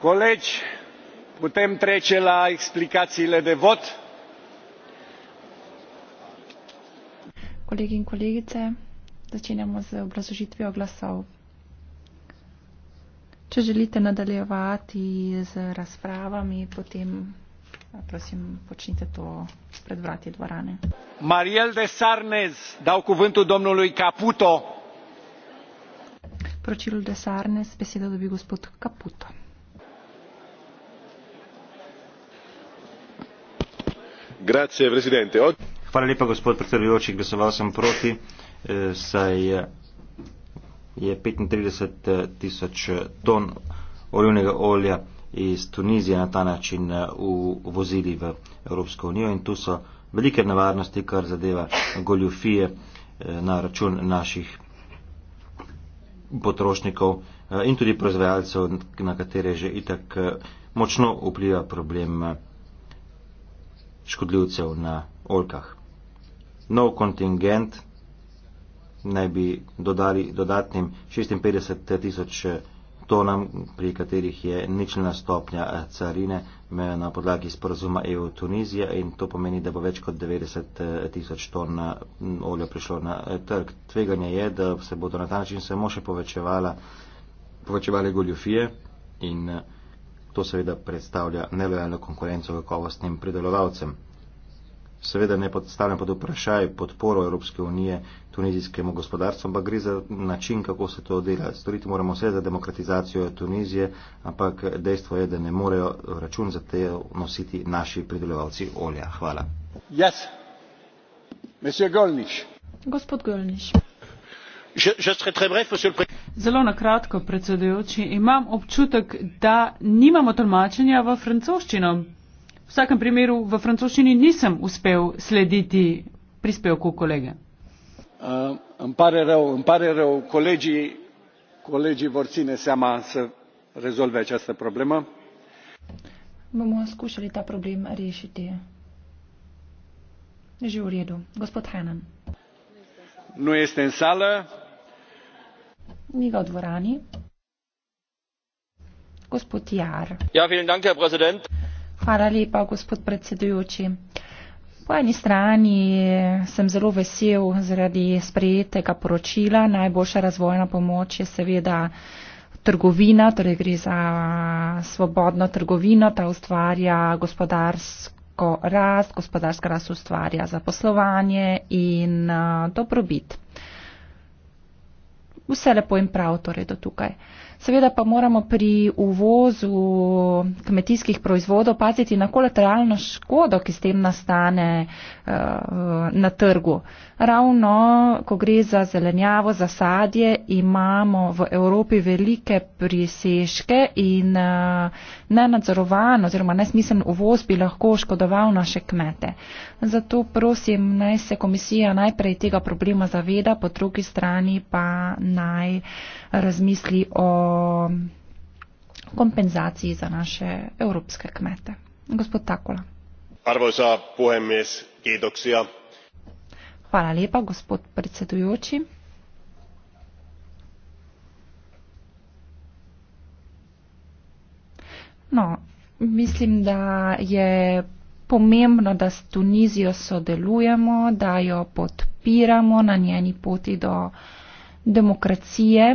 colegi putem trece la explicațiile de vot? Colegi în colegițe, začinemo z obrazložitvijo glasov. Če želite nadaljevati z razpravami, potem prosim počnite to pred vrati dvorane. Mariel de Sarnez, dau cuvântul domnului Caputo. Procilul de Sarnez, besedo dobi gospod Caputo. hvala lepa gospod predsedujoči glasoval sem proti eh, saj je petintrideset eh, tisoč eh, ton olivnega olja iz tunizije na ta način uvozili v evropsko unijo in tu so velike nevarnosti kar zadeva goljufije na račun naših potrošnikov in tudi proizvajalcev na katere že itak močno vpliva problem škodljivcev na oljkah. Nov kontingent naj bi dodali dodatnim 56 tisoč tonam, pri katerih je ničelna stopnja carine na podlagi sporazuma EU-Tunizija in to pomeni, da bo več kot 90 tisoč ton olja prišlo na eh, trg. Tveganje je, da se bodo na ta način samo še povečevala, povečevale goljofije in eh, To seveda predstavlja nelojalno konkurenco kakovostnim predelovalcem. Seveda ne podstavljam pod vprašaj podporo Evropske unije tunizijskemu gospodarstvu, ampak gre za način, kako se to dela. Storiti moramo vse za demokratizacijo Tunizije, ampak dejstvo je, da ne morejo račun za te nositi naši pridelovalci olja. Hvala. Yes. Gospod Golniš zelo na kratko predsedujoči imam občutek da nimamo tolmačenja v francoščino v vsakem primeru v francoščini nisem uspel slediti prispevku kolege eh, bomo skušali ta problem rešiti že v redu gospod hannan Ni ga v dvorani. Gospod Jar. Ja, dank, Herr Hvala lepa, gospod predsedujoči. Po eni strani sem zelo vesel zaradi sprejetega poročila. Najboljša razvojna pomoč je seveda trgovina, torej gre za svobodno trgovino, ta ustvarja gospodarsko rast, gospodarska rast ustvarja zaposlovanje in eh, dobrobit vse lepo in prav, torej do tukaj. Seveda pa moramo pri uvozu kmetijskih proizvodov paziti na kolateralno škodo, ki s tem nastane eh, na trgu. Ravno, ko gre za zelenjavo, za sadje, imamo v Evropi velike priseške in eh, nenadzorovan oziroma nesmiselen uvoz bi lahko škodoval naše kmete. Zato prosim, naj se komisija najprej tega problema zaveda, po drugi strani pa naj razmisli o kompenzaciji za naše europske kmete. Gospod Takola. Arvoisa puhemies, kiitoksia. Hvala lepa, gospod predsedujoči. No, mislim, da je pomembno, da s Tunizijo sodelujemo, da jo podpiramo na njeni poti do demokracije,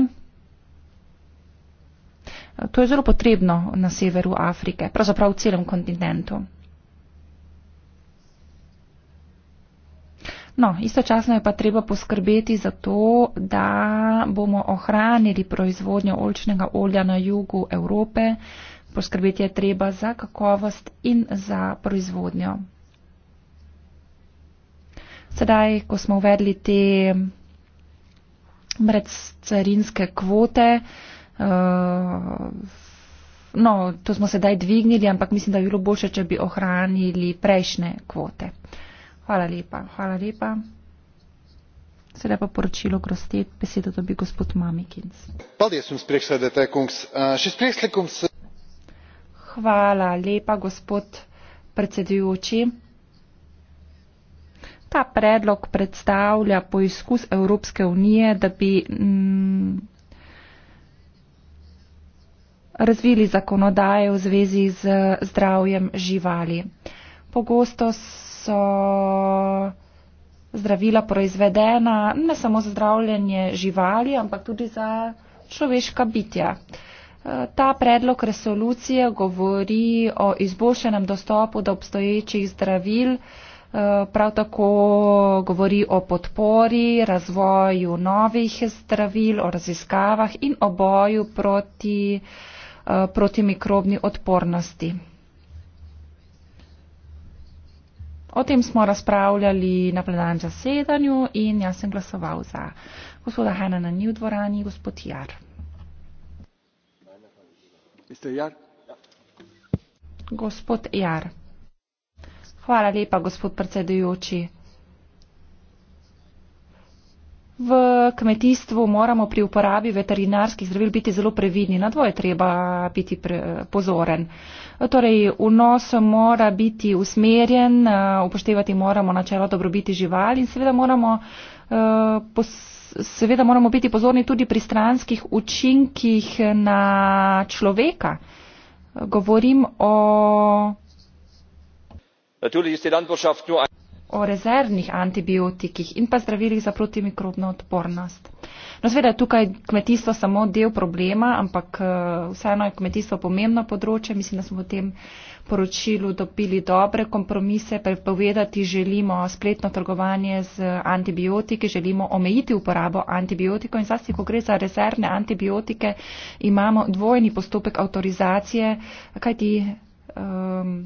To je zelo potrebno na severu Afrike, pravzaprav v celem kontinentu. No, istočasno je pa treba poskrbeti za to, da bomo ohranili proizvodnjo olčnega olja na jugu Evrope. Poskrbeti je treba za kakovost in za proizvodnjo. Sedaj, ko smo uvedli te brezcarinske kvote, uh, Eh, no, to smo sedaj dvignili, ampak mislim, da bi bilo boljše, če bi ohranili prejšnje kvote. Hvala lepa. Hvala lepa. Sedaj pa poročilo Grosti, besedo dobi gospod Mamikins. Eh, hvala lepa, gospod predsedujoči. Ta predlog predstavlja poizkus Evropske unije, da bi. Mm, razvili zakonodaje v zvezi z zdravjem živali. Pogosto so zdravila proizvedena ne samo za zdravljenje živali, ampak tudi za človeška bitja. E, ta predlog resolucije govori o izboljšenem dostopu do obstoječih zdravil, e, prav tako govori o podpori, razvoju novih zdravil, o raziskavah in o boju proti uh, Eh, protimikrobni odpornosti. O tem smo razpravljali na plenarnem zasedanju in jaz sem glasoval za gospoda Hena na njih dvorani, gospod Jar. Jar? Gospod Jar. Hvala lepa, gospod predsedujoči v kmetijstvu moramo pri uporabi veterinarskih zdravil biti zelo previdni. Na dvoje treba biti pre, pozoren. Torej, vnos mora biti usmerjen, eh, upoštevati moramo načelo dobrobiti živali in seveda moramo, eh, seveda moramo biti pozorni tudi pri stranskih učinkih na človeka. Govorim o. Natürlich ist die Landwirtschaft nur ein o rezervnih antibiotikih in pa zdravilih za protimikrobno odpornost. No, seveda je tukaj kmetijstvo samo del problema, ampak eh, vseeno je kmetijstvo pomembno področje. Mislim, da smo v tem poročilu dobili dobre kompromise. Prepovedati želimo spletno trgovanje z antibiotiki, želimo omejiti uporabo antibiotikov in zlasti, ko gre za rezervne antibiotike, imamo dvojni postopek avtorizacije, kajti. Um,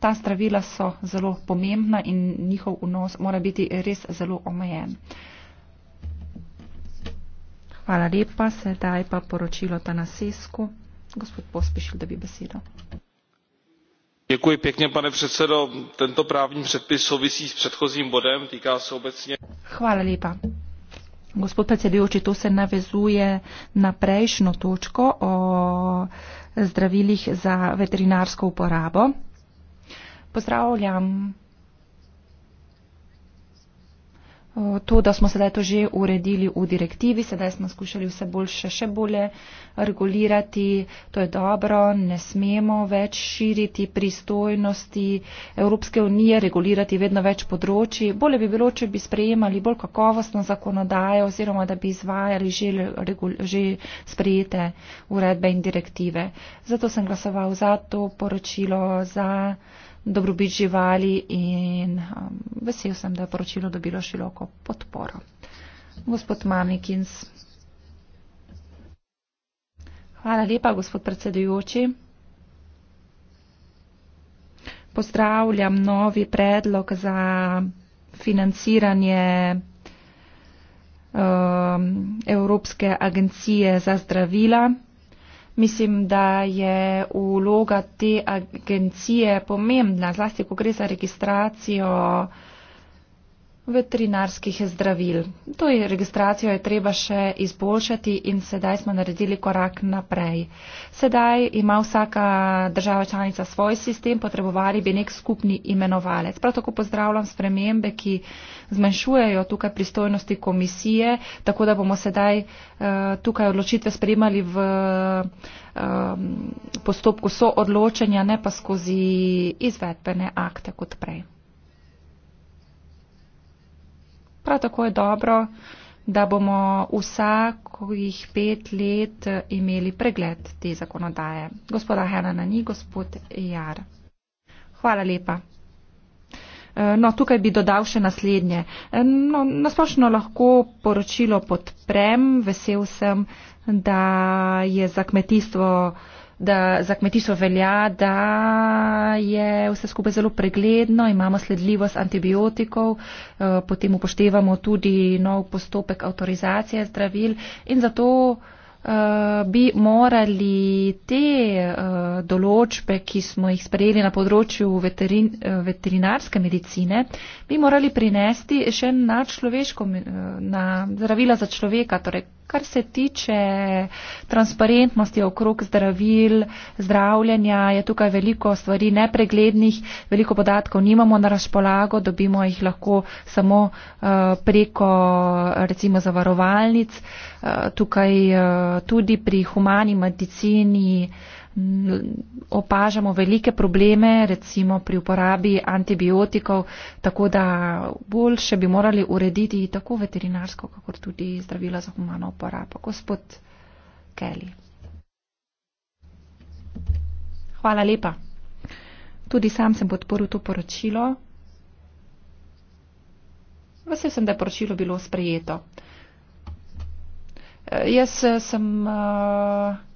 ta zdravila so zelo pomembna in njihov vnos mora biti res zelo omejen. Hvala lepa. Sedaj pa poročilo Tanasesku. Gospod Pospišil, da bi besedo. Děkuji pěkně, pane předsedo. Tento právní předpis souvisí s předchozím bodem, týká se obecně. Hvala lepa. Gospod predsedujoči, to se navezuje na prejšnjo točko o zdravilih za veterinarsko uporabo. Pozdravljam. Eh, to, da smo sedaj to že uredili v direktivi, sedaj smo skušali vse boljše, še bolje regulirati, to je dobro, ne smemo več širiti pristojnosti Evropske unije, regulirati vedno več področji. Bolje bi bilo, če bi sprejemali bolj kakovostno zakonodajo oziroma da bi izvajali že, regul, že sprejete uredbe in direktive. Zato sem glasoval za to poročilo, za dobrobit živali in um, vesel sem, da je poročilo dobilo široko podporo. Gospod Mamikins. Hvala lepa, gospod predsedujoči. Pozdravljam novi predlog za financiranje um, Evropske agencije za zdravila. Mislim, da je vloga te agencije pomembna, zlasti ko gre za registracijo veterinarskih zdravil. To je registracijo je treba še izboljšati in sedaj smo naredili korak naprej. Sedaj ima vsaka država članica svoj sistem, potrebovali bi nek skupni imenovalec. Prav tako pozdravljam spremembe, ki zmanjšujejo tukaj pristojnosti komisije, tako da bomo sedaj uh, tukaj odločitve spremali v um, postopku soodločenja, ne pa skozi izvedbene akte kot prej. Prav tako je dobro, da bomo vsakih pet let imeli pregled te zakonodaje. Gospoda Henana ni, gospod Jar. Hvala lepa. E, no, tukaj bi dodal še naslednje. E, no, nasplošno lahko poročilo podprem. Vesel sem, da je za kmetijstvo da za kmetijstvo velja, da je vse skupaj zelo pregledno, imamo sledljivost antibiotikov, eh, potem upoštevamo tudi nov postopek avtorizacije zdravil in zato eh, bi morali te eh, določbe, ki smo jih sprejeli na področju veterin, veterinarske medicine, bi morali prinesti še na, na zdravila za človeka, torej kar se tiče transparentnosti okrog zdravil, zdravljenja, je tukaj veliko stvari nepreglednih, veliko podatkov nimamo na razpolago, dobimo jih lahko samo eh, preko recimo zavarovalnic, eh, tukaj eh, tudi pri humani medicini opažamo velike probleme, recimo pri uporabi antibiotikov, tako da boljše bi morali urediti tako veterinarsko, kakor tudi zdravila za humano uporabo. Gospod Kelly. Hvala lepa. Tudi sam sem podporil to poročilo. Vesel sem, da je poročilo bilo sprejeto. Jaz eh, sem. Uh,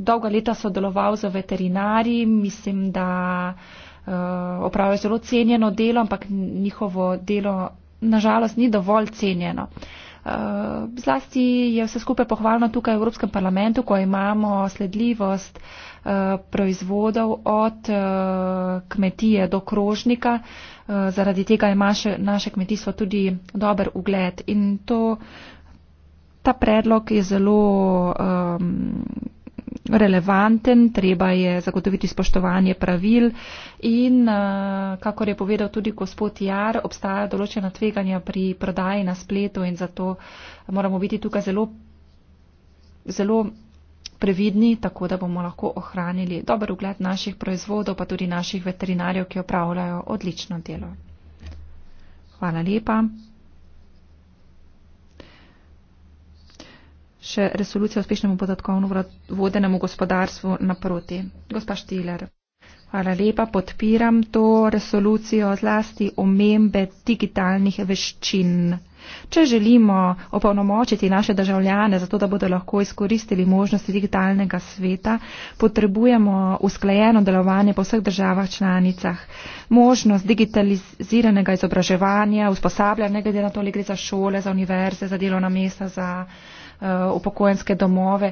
dolga leta sodeloval z veterinari, mislim, da eh, opravljajo zelo cenjeno delo, ampak njihovo delo nažalost ni dovolj cenjeno. Eh, zlasti je vse skupaj pohvalno tukaj v Evropskem parlamentu, ko imamo sledljivost eh, proizvodov od kmetije do krožnika. Zaradi tega ima naše kmetijstvo tudi dober ugled. In to, ta predlog je zelo um, relevanten, treba je zagotoviti spoštovanje pravil in, eh, kako je povedal tudi gospod Jar, obstaja določena tveganja pri prodaji na spletu in zato moramo biti tukaj zelo, zelo previdni, tako da bomo lahko ohranili dober ugled naših proizvodov, pa tudi naših veterinarjev, ki opravljajo odlično delo. Hvala lepa. še resolucija o uspešnemu podatkovno vodenemu gospodarstvu naproti. Gospa Štiler. Hvala lepa, podpiram to resolucijo zlasti omembe digitalnih veščin. Če želimo opolnomočiti naše državljane, zato da bodo lahko izkoristili možnosti digitalnega sveta, potrebujemo usklajeno delovanje po vseh državah članicah. Možnost digitaliziranega izobraževanja, usposabljanja, glede na to, ali gre za šole, za univerze, za delovna mesta, za. Eh, upokojenske domove.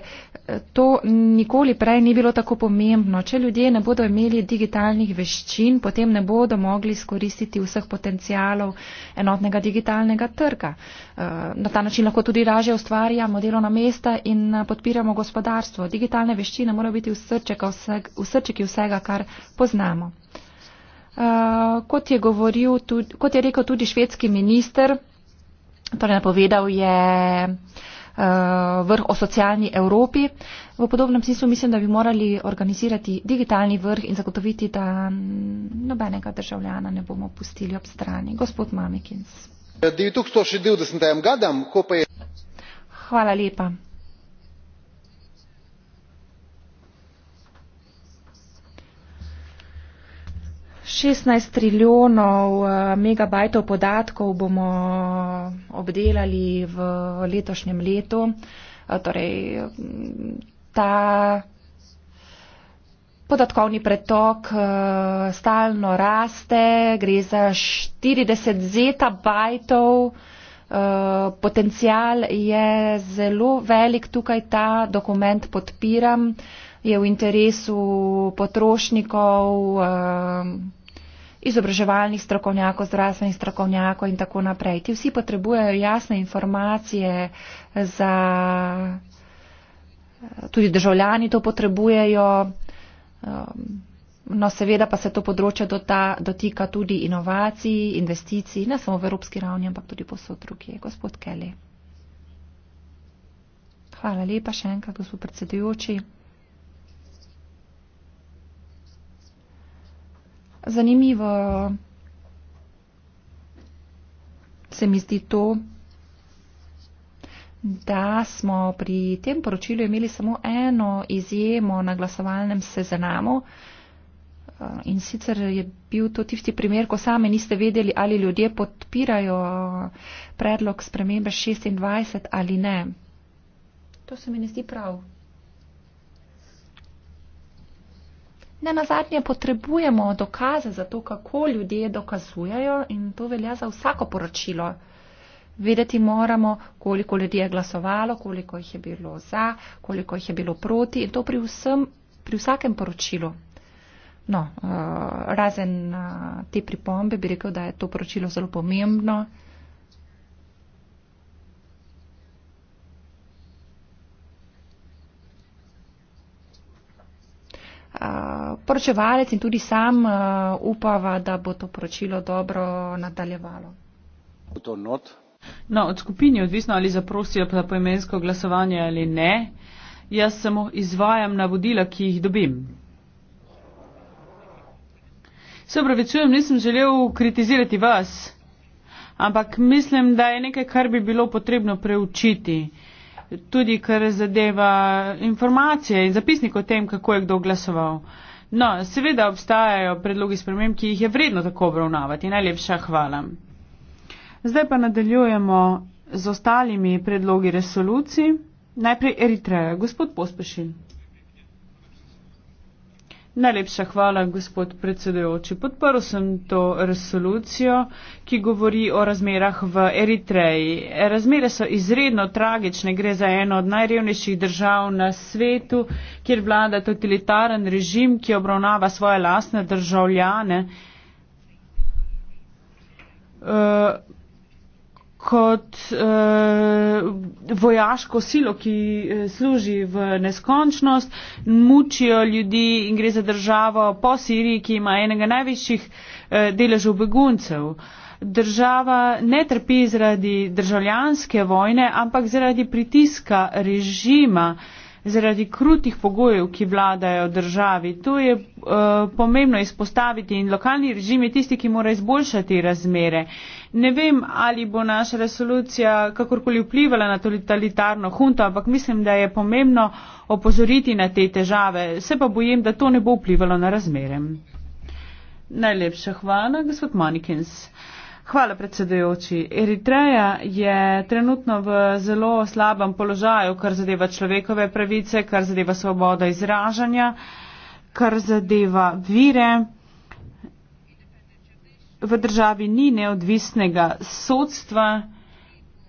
Eh, to nikoli prej ni bilo tako pomembno. Če ljudje ne bodo imeli digitalnih veščin, potem ne bodo mogli skoristiti vseh potencijalov enotnega digitalnega trga. Eh, na ta način lahko tudi raže ustvarjamo delovna mesta in podpiramo gospodarstvo. Digitalne veščine morajo biti v, srček, v srčeki vsega, kar poznamo. Uh, kot, je govoril, tudi, kot je rekel tudi švedski minister, torej napovedal je uh, Eh, vrh o socialni Evropi. V podobnem smislu mislim, da bi morali organizirati digitalni vrh in zagotoviti, da nobenega državljana ne bomo pustili ob strani. Gospod Mamikins. Ja, Hvala lepa. 16 trilijonov eh, megabajtov podatkov bomo obdelali v letošnjem letu. Eh, torej, mm, ta podatkovni pretok eh, stalno raste, gre za 40 zetabajtov. Potencial je zelo velik, tukaj ta dokument podpiram, je v interesu potrošnikov izobraževalnih strokovnjakov, zdravstvenih strokovnjakov in tako naprej. Ti vsi potrebujejo jasne informacije za. Tudi državljani to potrebujejo. Um, no, seveda pa se to področje dotika tudi inovacij, investicij, ne samo v evropski ravni, ampak tudi posod drugje. Gospod Kelly. Hvala lepa še enkrat, gospod predsedujoči. zanimivo se mi zdi to, da smo pri tem poročilu imeli samo eno izjemo na glasovalnem seznamu. Eh, in sicer je bil to tisti primer, ko sami niste vedeli, ali ljudje podpirajo predlog spremembe 26 ali ne. To se mi ne zdi prav. Ne nazadnje potrebujemo dokaze za to, kako ljudje dokazujejo in to velja za vsako poročilo. Vedeti moramo, koliko ljudi je glasovalo, koliko jih je bilo za, koliko jih je bilo proti in to pri, vsem, pri vsakem poročilu. No, uh, razen uh, te pripombe bi rekel, da je to poročilo zelo pomembno. Eh, poročevalec in tudi sam uh, upava, da bo to poročilo dobro nadaljevalo. No, od skupini odvisno, ali zaprosijo za poimensko glasovanje ali ne, jaz samo izvajam navodila, ki jih dobim. Se upravičujem, nisem želel kritizirati vas, ampak mislim, da je nekaj, kar bi bilo potrebno preučiti. Uh, tudi kar zadeva informacije in zapisnik o tem, kako je kdo glasoval. No, seveda obstajajo predlogi sprememb, ki jih je vredno tako obravnavati. Najlepša hvala. Zdaj pa nadaljujemo z ostalimi predlogi resoluciji. Najprej Eritreja. Gospod Pospešin. Najlepša hvala, gospod predsedujoči. Podprl sem to resolucijo, ki govori o razmerah v Eritreji. Razmere so izredno tragične, gre za eno od najrevnejših držav na svetu, kjer vlada totalitaren režim, ki obravnava svoje lastne državljane. Uh, kot uh, vojaško silo, ki eh, služi v neskončnost, mučijo ljudi in gre za državo po Siriji, ki ima enega največjih uh, eh, deležev beguncev. Država ne trpi zaradi državljanske vojne, ampak zaradi pritiska režima uh, zaradi krutih pogojev, ki vladajo državi. To je uh, pomembno izpostaviti in lokalni režim je tisti, ki mora izboljšati razmere. Ne vem, ali bo naša resolucija kakorkoli vplivala na totalitarno hunto, ampak mislim, da je pomembno opozoriti na te težave. Se pa bojim, da to ne bo vplivalo na razmere. Najlepša hvala, gospod Manikins. Uh, Hvala, predsedujoči. Eritreja je trenutno v zelo slabem položaju, kar zadeva človekove pravice, kar zadeva svobodo izražanja, kar zadeva vire. V državi ni neodvisnega sodstva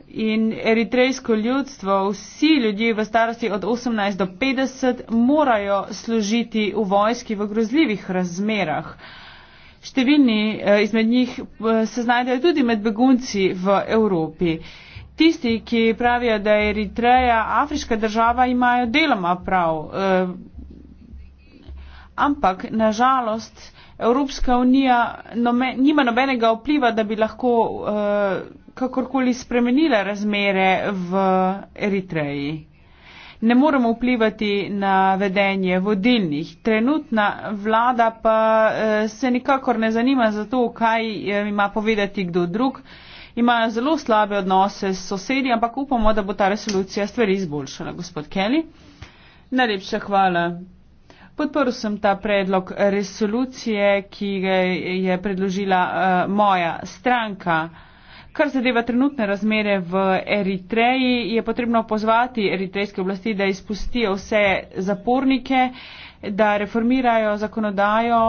in eritrejsko ljudstvo, vsi ljudje v starosti od 18 do 50 morajo služiti v vojski v grozljivih razmerah. Številni eh, izmed njih eh, se znajdejo tudi med begunci v Evropi. Tisti, ki pravijo, da je Eritreja afriška država, imajo deloma prav. Eh, ampak, nažalost, Evropska unija nome, nima nobenega vpliva, da bi lahko kakorkoli spremenila razmere v Eritreji ne moremo vplivati na vedenje vodilnih. Trenutna vlada pa eh, se nikakor ne zanima za to, kaj eh, ima povedati kdo drug. Imajo zelo slabe odnose s sosedi, ampak upamo, da bo ta resolucija stvari izboljšala. Gospod Kelly, najlepša hvala. Podporil sem ta predlog resolucije, ki ga je predložila uh, moja stranka. Kar zadeva trenutne razmere v Eritreji, je potrebno pozvati eritrejske oblasti, da izpustijo vse zapornike, da reformirajo zakonodajo,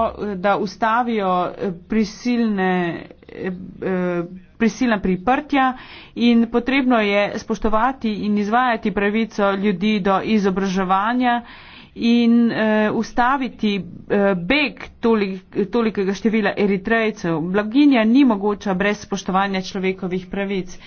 da ustavijo eh, prisilne. Eh, eh, prisilna priprtja in potrebno je spoštovati in izvajati pravico ljudi do izobraževanja in uh, ustaviti uh, beg tolik, tolikega števila eritrejcev. Blaginja ni mogoča brez spoštovanja človekovih pravic.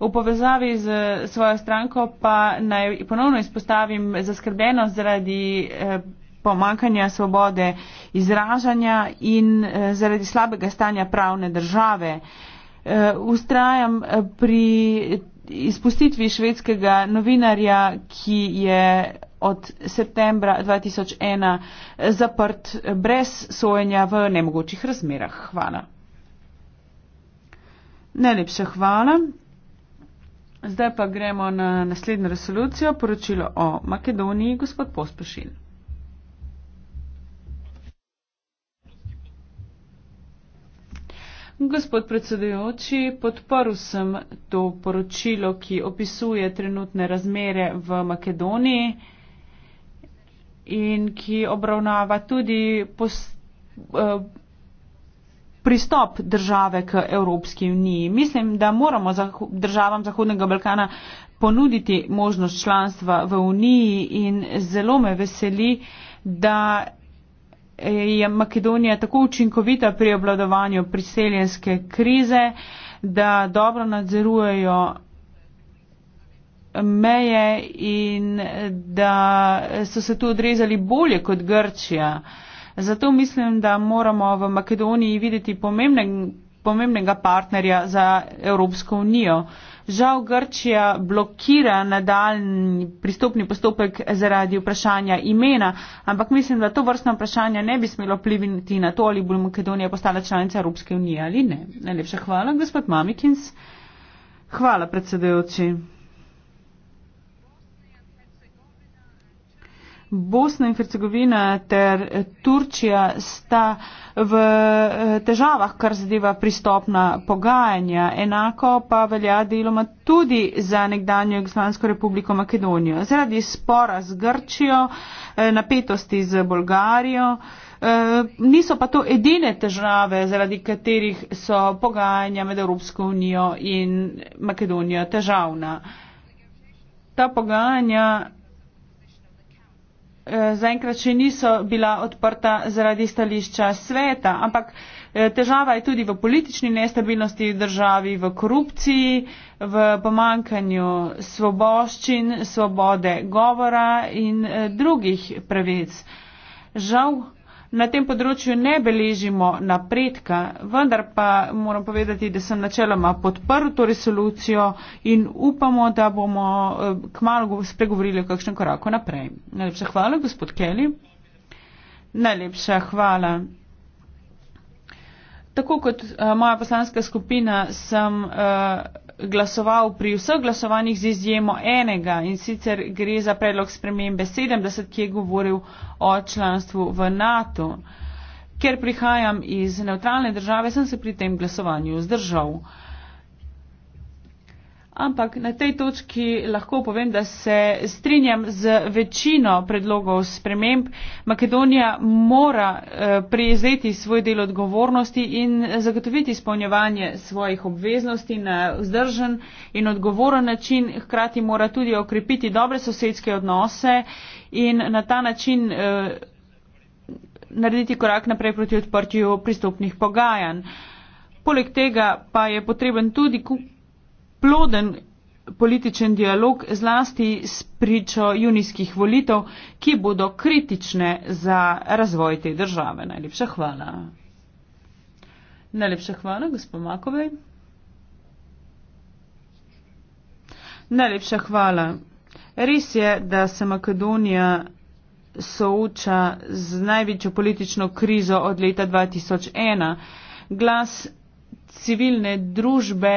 V povezavi z svojo stranko pa naj ponovno izpostavim zaskrbenost zaradi eh, pomankanja svobode izražanja in zaradi slabega stanja pravne države. Ustrajam pri izpustitvi švedskega novinarja, ki je od septembra 2001 zaprt brez sojenja v nemogočih razmerah. Hvala. Najlepša hvala. Zdaj pa gremo na naslednjo resolucijo, poročilo o Makedoniji, gospod Pospešin. Gospod predsedujoči, podporil sem to poročilo, ki opisuje trenutne razmere v Makedoniji in ki obravnava tudi pos, eh, pristop države k Evropski uniji. Mislim, da moramo državam Zahodnega Balkana ponuditi možnost članstva v uniji in zelo me veseli, da je Makedonija tako učinkovita pri obladovanju priseljenske krize, da dobro nadzorujejo meje in da so se tu odrezali bolje kot Grčija. Zato mislim, da moramo v Makedoniji videti pomembnega, pomembnega partnerja za Evropsko unijo. Žal Grčija blokira nadaljni pristopni postopek zaradi vprašanja imena, ampak mislim, da to vrstno vprašanje ne bi smelo plivniti na to, ali bo Makedonija postala članica Evropske unije ali ne. Najlepša hvala, gospod Mamikins. Hvala, predsedujoči. Bosna in Hercegovina ter Turčija sta v eh, težavah, kar zadeva pristopna pogajanja. Enako pa velja deloma tudi za nekdanjo Jugoslansko republiko Makedonijo. Zaradi spora z Grčijo, eh, napetosti z Bolgarijo, eh, niso pa to edine težave, zaradi katerih so pogajanja med Evropsko unijo in Makedonijo težavna. Ta pogajanja Eh, zaenkrat še niso bila odprta zaradi stališča sveta. Ampak eh, težava je tudi v politični nestabilnosti v državi, v korupciji, v pomankanju svoboščin, svobode govora in eh, drugih pravic. Žal, na tem področju ne beležimo napredka, vendar pa moram povedati, da sem načeloma podprl to resolucijo in upamo, da bomo eh, k malu spregovorili o kakšnem koraku naprej. Najlepša hvala, gospod Kelly. Najlepša hvala. Tako kot uh, moja poslanska skupina sem. Uh, glasoval pri vseh glasovanjih z izjemo enega in sicer gre za predlog spremembe 70, ki je govoril o članstvu v NATO. Ker prihajam iz neutralne države, sem se pri tem glasovanju zdržal ampak na tej točki lahko povem, da se strinjam z večino predlogov sprememb. Makedonija mora eh, prijezeti svoj del odgovornosti in zagotoviti izpolnjevanje svojih obveznosti na vzdržen in odgovoren način. Hkrati mora tudi okrepiti dobre sosedske odnose in na ta način eh, narediti korak naprej proti odprtju pristopnih pogajanj. Poleg tega pa je potreben tudi ploden političen dialog zlasti s pričo junijskih volitev, ki bodo kritične za razvoj te države. Najlepša hvala. Najlepša hvala, gospod Makovej. Najlepša hvala. Res je, da se Makedonija souča z največjo politično krizo od leta 2001. Glas civilne družbe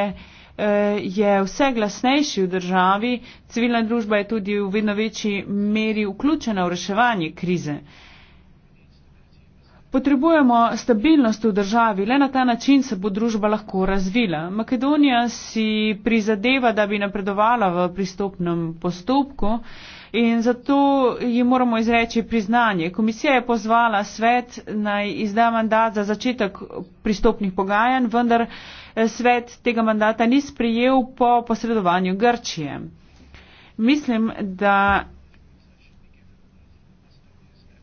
je vse glasnejši v državi, civilna družba je tudi v vedno večji meri vključena v reševanje krize. Potrebujemo stabilnost v državi, le na ta način se bo družba lahko razvila. Makedonija si prizadeva, da bi napredovala v pristopnem postopku. Uh, in zato ji moramo izreči priznanje. Komisija je pozvala svet naj izda mandat za začetek pristopnih pogajanj, vendar eh, svet tega mandata ni sprejel po posredovanju Grčije. Mislim, da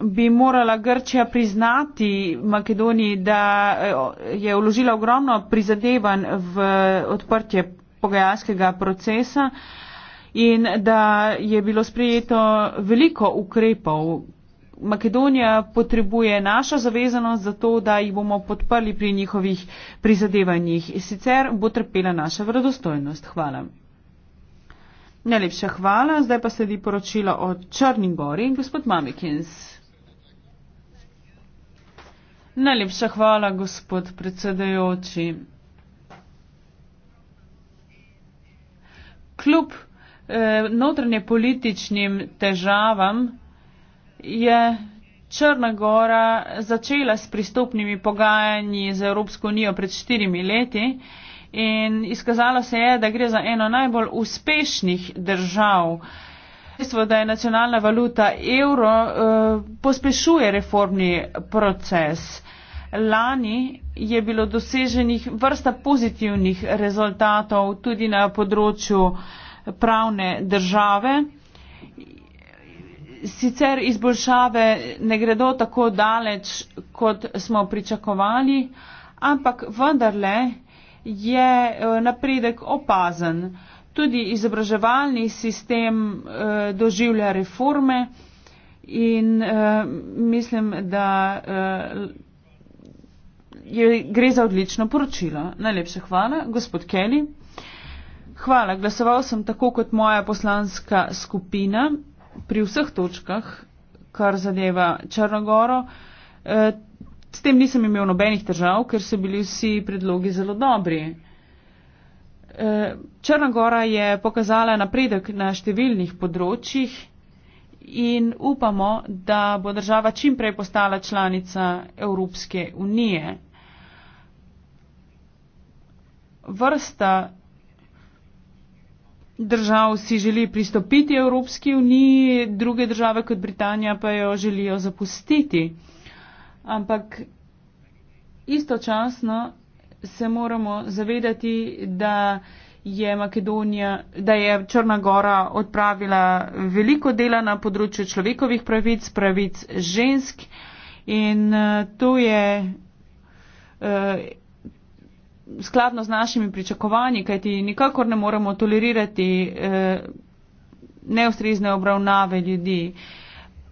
bi morala Grčija priznati Makedoniji, da eh, je vložila ogromno prizadevanj v odprtje pogajalskega procesa. Uh, in da je bilo sprejeto veliko ukrepov. Makedonija potrebuje našo zavezanost za to, da jih bomo podprli pri njihovih prizadevanjih. Sicer bo trpela naša vredostojnost. Hvala. Najlepša hvala. Zdaj pa sledi poročilo o Črni gori in gospod Mamikins. Najlepša hvala, gospod predsedajoči. Kljub Eh, notranje političnim težavam je Črna Gora začela s pristopnimi pogajanji z Evropsko unijo pred štirimi leti in izkazalo se je, da gre za eno najbolj uspešnih držav. Dejstvo, da je nacionalna valuta evro, eh, pospešuje reformni proces. Lani je bilo doseženih vrsta pozitivnih rezultatov tudi na področju pravne države. Sicer izboljšave ne gredo tako daleč, kot smo pričakovali, ampak vendarle je eh, napredek opazen. Tudi izobraževalni sistem eh, doživlja reforme in eh, mislim, da gre za odlično poročilo. Najlepša hvala, gospod Kelly. Hvala. Glasoval sem tako kot moja poslanska skupina pri vseh točkah, kar zadeva Črnogoro. E, s tem nisem imel nobenih težav, ker so bili vsi predlogi zelo dobri. E, Črnogora je pokazala napredek na številnih področjih in upamo, da bo država čimprej postala članica Evropske unije. Vrsta držav si želi pristopiti Evropski uniji, druge države kot Britanija pa jo želijo zapustiti. Ampak istočasno se moramo zavedati, da je Makedonija, da je Črna Gora odpravila veliko dela na področju človekovih pravic, pravic žensk in eh, to je. Uh, skladno z našimi pričakovanji, kajti nikakor ne moremo tolerirati eh, neustrezne obravnave ljudi.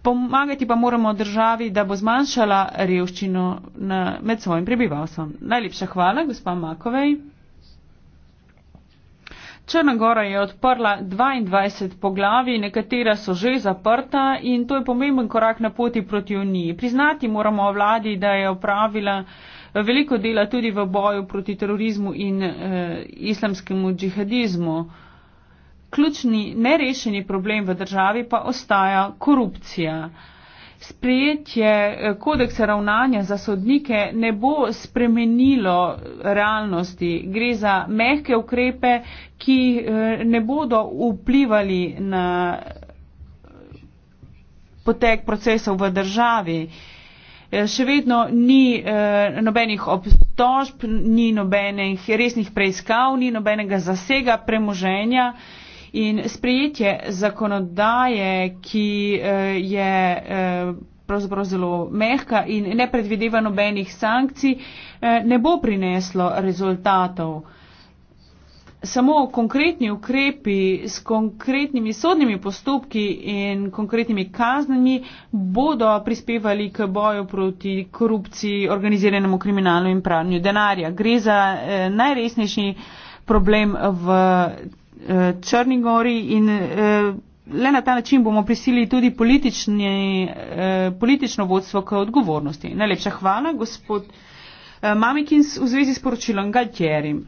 Pomagati pa moramo državi, da bo zmanjšala revščino na, med svojim prebivalstvom. Najlepša hvala, gospa Makovej. Črna gora je odprla 22 poglavi, nekatera so že zaprta in to je pomemben korak na poti proti Uniji. Priznati moramo vladi, da je opravila veliko dela tudi v boju proti terorizmu in eh, islamskemu džihadizmu. Ključni nerešeni problem v državi pa ostaja korupcija. Sprejetje eh, kodeksa ravnanja za sodnike ne bo spremenilo realnosti. Gre za mehke ukrepe, ki eh, ne bodo vplivali na eh, potek procesov v državi. Eh, Eh, še vedno ni eh, nobenih obtožb, ni nobenih resnih preiskav, ni nobenega zasega premoženja. In sprejetje zakonodaje, ki eh, je eh, pravzaprav zelo mehka in ne predvideva nobenih sankcij, eh, ne bo prineslo rezultatov. Eh, samo konkretni ukrepi s konkretnimi sodnimi postopki in konkretnimi kaznami bodo prispevali k boju proti korupciji, organiziranemu kriminalu in pranju denarja. Gre za eh, najresnejši problem v eh, Črnigori in eh, le na ta način bomo prisili tudi eh, politično vodstvo k odgovornosti. Najlepša hvala, gospod eh, Mamikins, v zvezi s poročilom Galtjerim.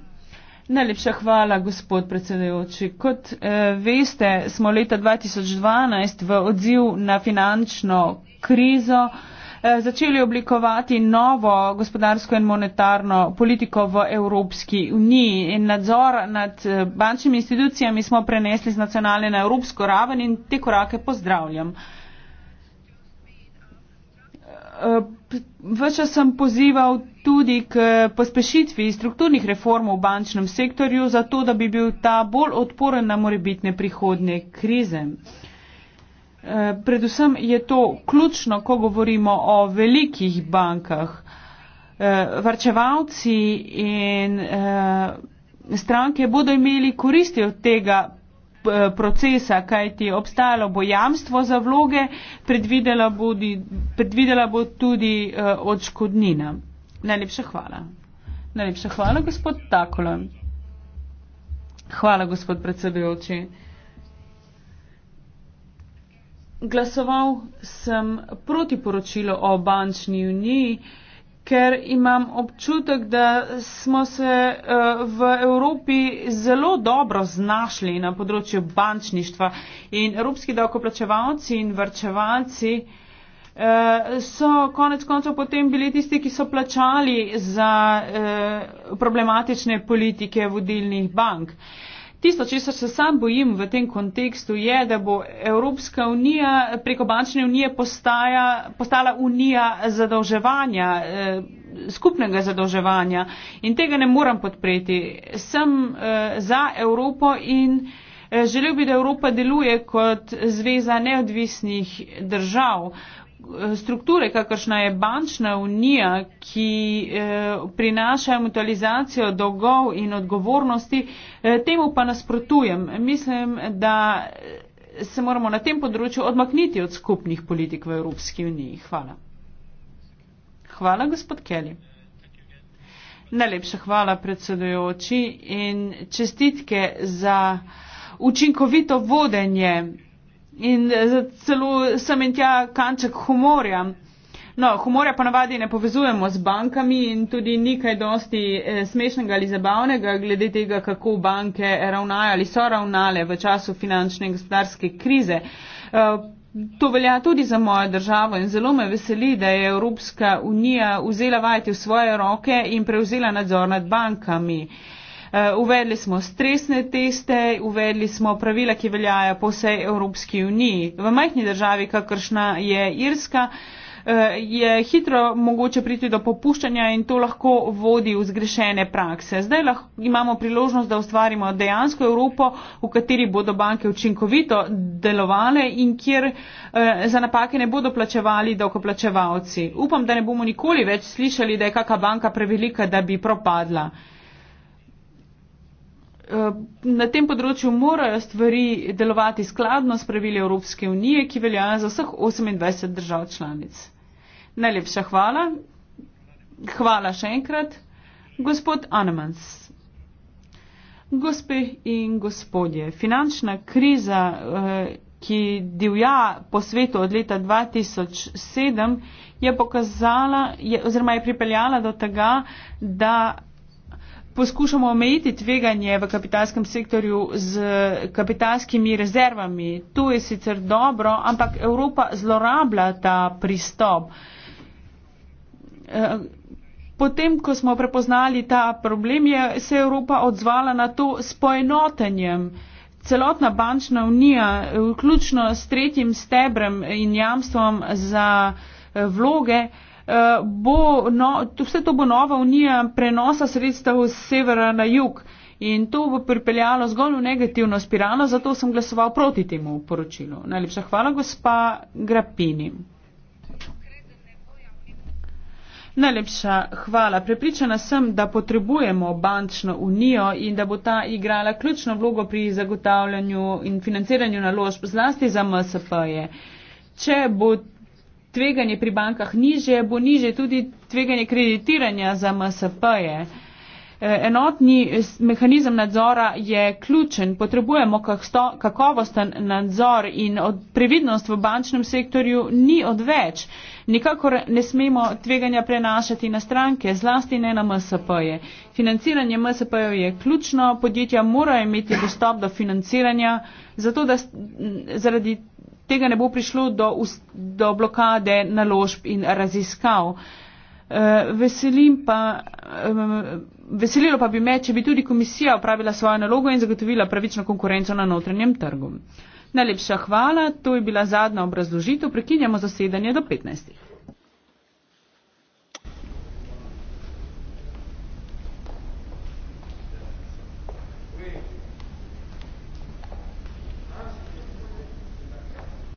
Najlepša hvala, gospod predsedujoči. Kot eh, veste, smo leta 2012 v odziv na finančno krizo eh, začeli oblikovati novo gospodarsko in monetarno politiko v Evropski uniji. In nadzor nad eh, bančnimi institucijami smo prenesli z nacionalne na evropsko raven in te korake pozdravljam. Eh, Vse sem pozival tudi k pospešitvi strukturnih reform v bančnem sektorju, zato da bi bil ta bolj odporen na morebitne prihodne krize. Eh, predvsem je to ključno, ko govorimo o velikih bankah. Eh, varčevalci in eh, stranke bodo imeli koristi od tega Eh, procesa, kajti obstajalo bo jamstvo za vloge, predvidela, bodi, predvidela bo tudi uh, odškodnina. Najlepša hvala. Najlepša hvala, gospod Takola. Hvala, gospod predsedujoči. Glasoval sem proti poročilo o bančni uniji. Uh, ker imam občutek, da smo se eh, v Evropi zelo dobro znašli na področju bančništva in evropski davkoplačevalci in vrčevalci eh, so konec koncev potem bili tisti, ki so plačali za eh, problematične politike vodilnih bank. Tisto, če se sam bojim v tem kontekstu, je, da bo Evropska unija preko bančne unije postaja, postala unija zadolževanja, eh, skupnega zadolževanja in tega ne moram podpreti. Sem eh, za Evropo in eh, želel bi, da Evropa deluje kot zveza neodvisnih držav strukture, kakršna je bančna unija, ki eh, prinaša mutualizacijo dolgov in odgovornosti, eh, temu pa nasprotujem. Mislim, da eh, se moramo na tem področju odmakniti od skupnih politik v Evropski uniji. Hvala. Hvala, gospod Kelly. Najlepša hvala, predsedujoči, in čestitke za učinkovito vodenje in eh, celo sem in tja kanček humorja. No, humorja ponavadi ne povezujemo z bankami in tudi ni kaj dosti eh, smešnega ali zabavnega glede tega, kako banke ravnajo ali so ravnale v času finančne in gospodarske krize. Eh, to velja tudi za mojo državo in zelo me veseli, da je Evropska unija vzela vajeti v svoje roke in prevzela nadzor nad bankami. Eh, uvedli smo stresne teste, uvedli smo pravila, ki veljajo po vsej Evropski uniji. V majhni državi, kakršna je Irska, eh, je hitro mogoče priti do popuščanja in to lahko vodi v zgrešene prakse. Zdaj lahko imamo priložnost, da ustvarimo dejansko Evropo, v kateri bodo banke učinkovito delovale in kjer eh, za napake ne bodo plačevali dolgoplačevalci. Upam, da ne bomo nikoli več slišali, da je kakšna banka prevelika, da bi propadla. Eh, na tem področju morajo stvari delovati skladno s pravili Evropske unije, ki veljajo za vseh 28 držav članic. Najlepša hvala. Hvala še enkrat, gospod Anemans. Gospe in gospodje, finančna kriza, eh, ki divja po svetu od leta 2007, je pokazala, je, oziroma je pripeljala do tega, da poskušamo omejiti tveganje v kapitalskem sektorju z kapitalskimi rezervami. To je sicer dobro, ampak Evropa zlorablja ta pristop. Eh, potem, ko smo prepoznali ta problem, je se Evropa odzvala na to s poenotenjem. Celotna bančna unija, vključno s tretjim stebrem in jamstvom za eh, vloge, Eh, bo no, to, vse to bo nova unija prenosa sredstev z severa na jug in to bo pripeljalo zgolj v negativno spiralo, zato sem glasoval proti temu poročilu. Najlepša hvala, gospa Grapini. Najlepša hvala. Prepričana sem, da potrebujemo bančno unijo in da bo ta igrala ključno vlogo pri zagotavljanju in financiranju naložb, zlasti za MSP-je. Če bo tveganje pri bankah niže, bo niže tudi tveganje kreditiranja za MSP-je. E, enotni mehanizem nadzora je ključen. Potrebujemo kakovosten nadzor in previdnost v bančnem sektorju ni odveč. Nikakor ne smemo tveganja prenašati na stranke, zlasti ne na MSP-je. Financiranje MSP-jev je ključno, podjetja morajo imeti dostop do financiranja, zato da zaradi tega ne bo prišlo do, do blokade naložb in raziskav. Eh, veselim pa, eh, veselilo pa bi me, če bi tudi komisija opravila svojo nalogo in zagotovila pravično konkurenco na notranjem trgu. Najlepša hvala, to je bila zadnja obrazložitev, prekinjamo zasedanje do 15.